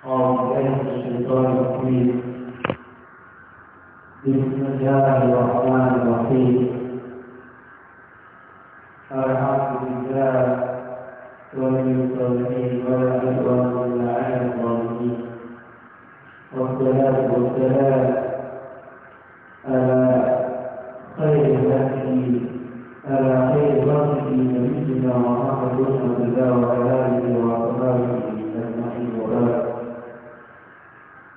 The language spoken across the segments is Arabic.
أعوذ بالله الشيطان الرجيم بسم الله الرحمن الرحيم الحمد لله ومن صلبه ولا عدوان إلا على الظالمين والصلاة والسلام على خير هذه على خير هذه نبينا محمد صلى الله عليه وآله وصحبه أجمعين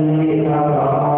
الذي أبرأ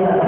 Hallelujah.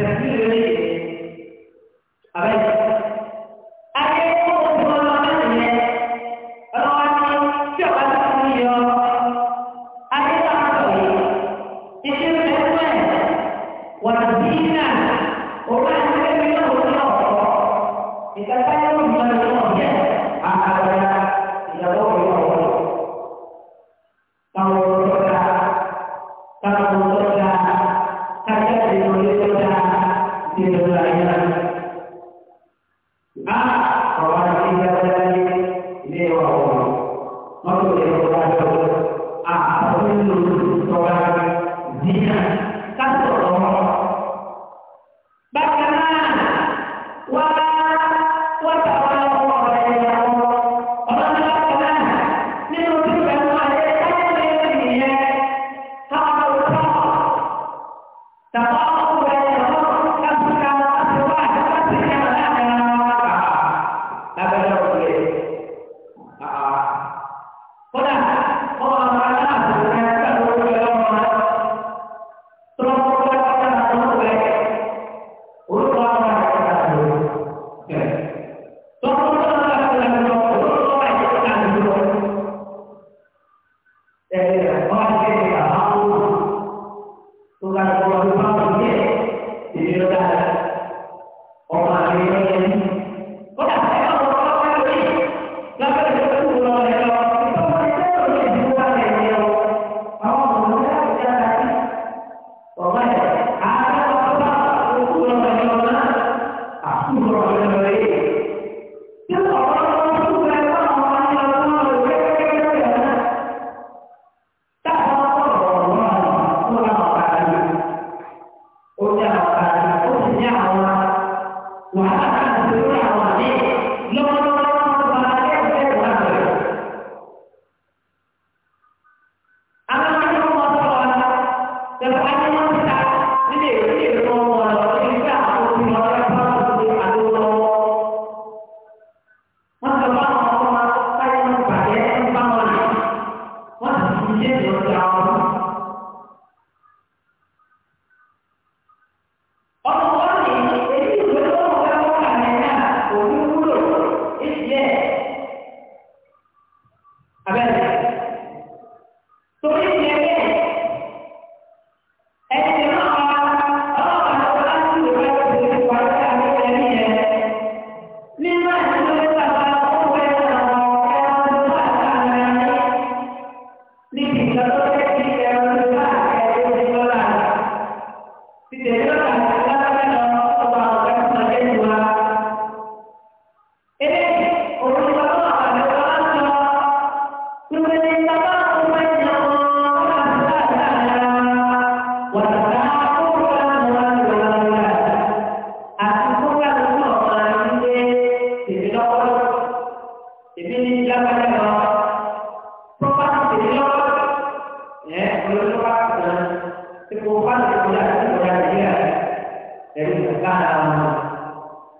Tefsir öyle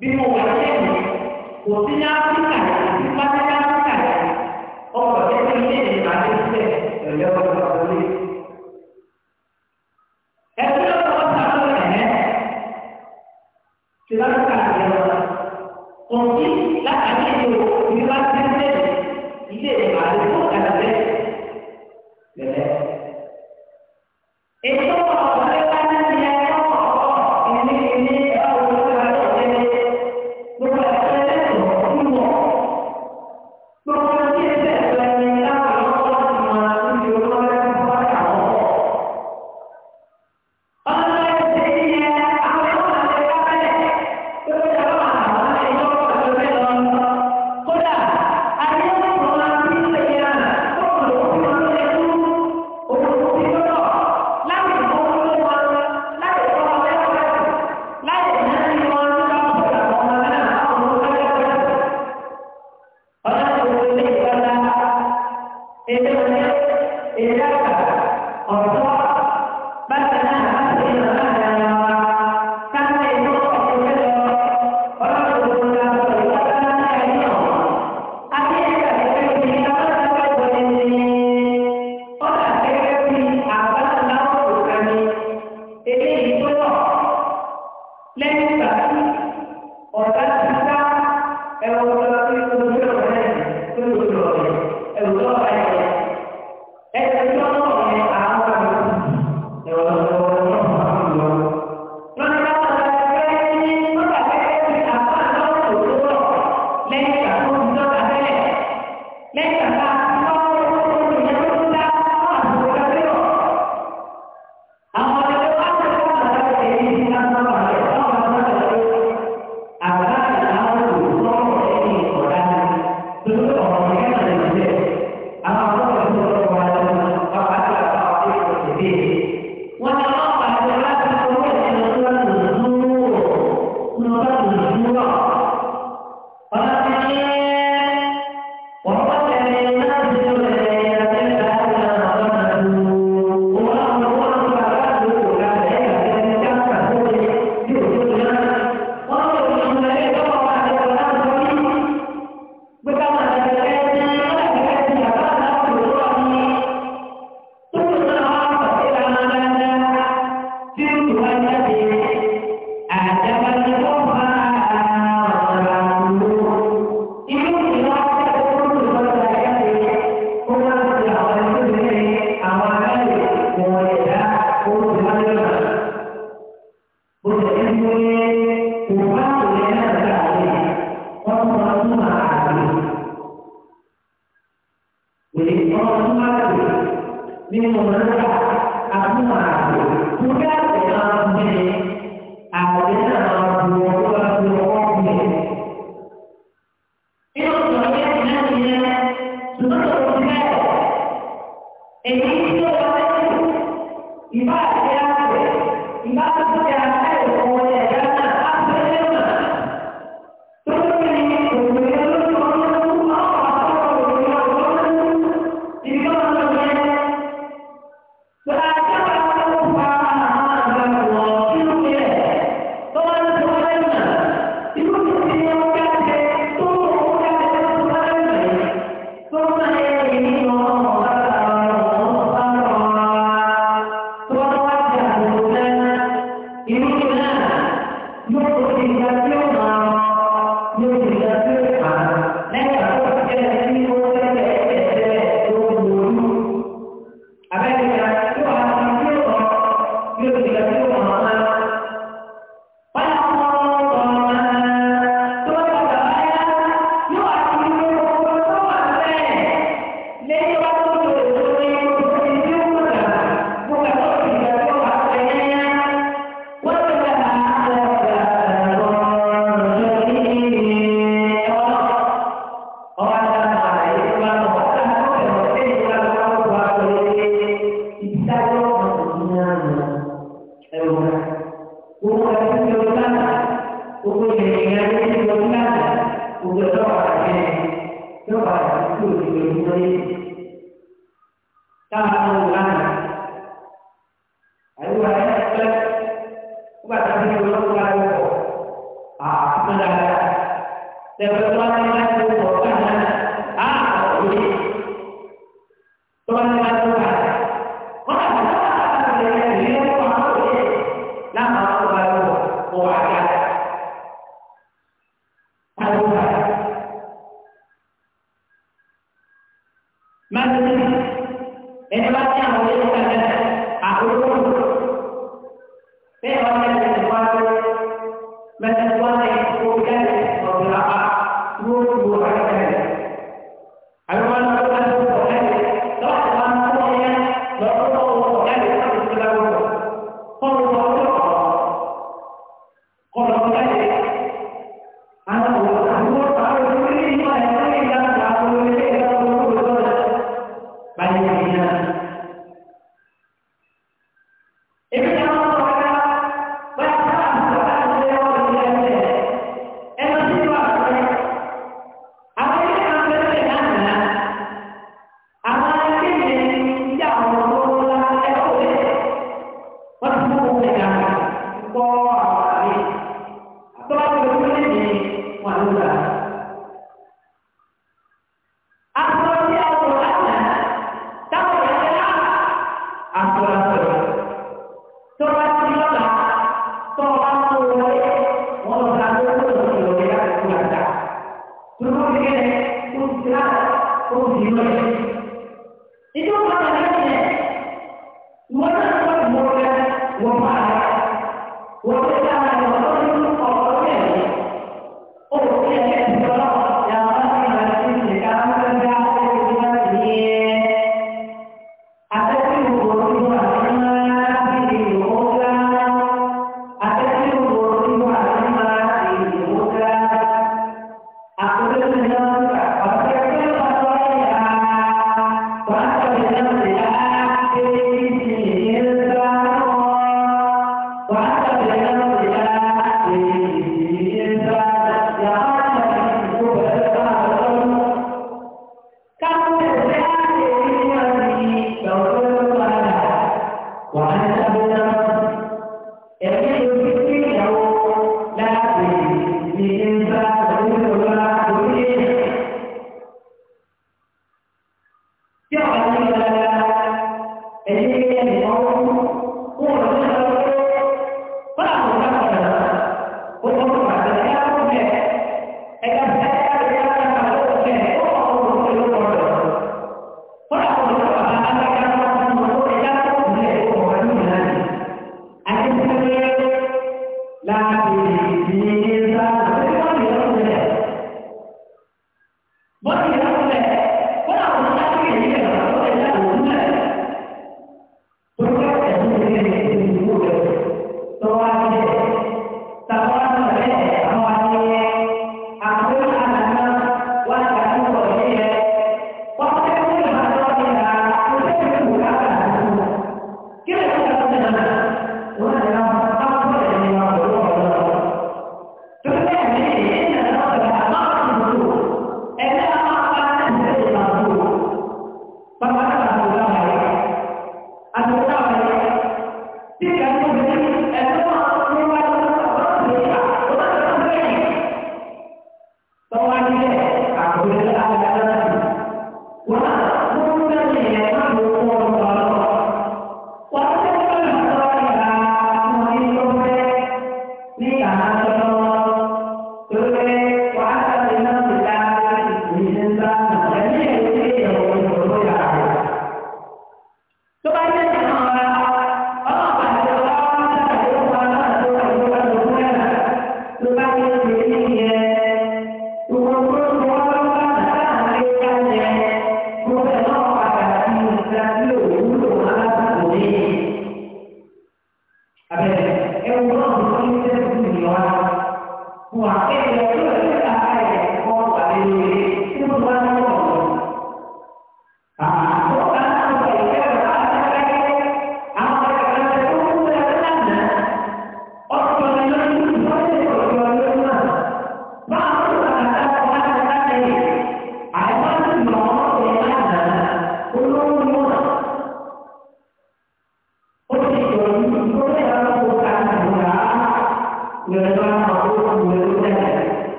bí mo wà lẹ́yìn kò sí ní áfíríkà àti pátákà. Vale, 我 h a n k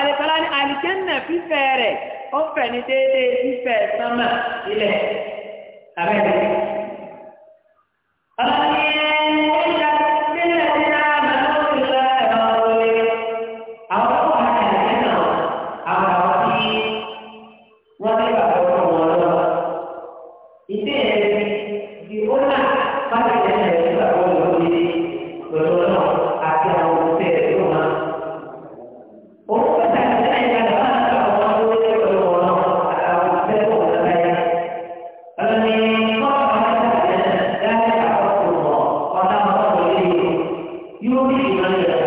àlẹ́kọ́lá ní àlìjẹ́nà fífẹ́ rẹ̀ ó fẹ̀ ní déédéé fífẹ́ sánmà ilẹ̀ abẹ́rẹ́ ìmọ̀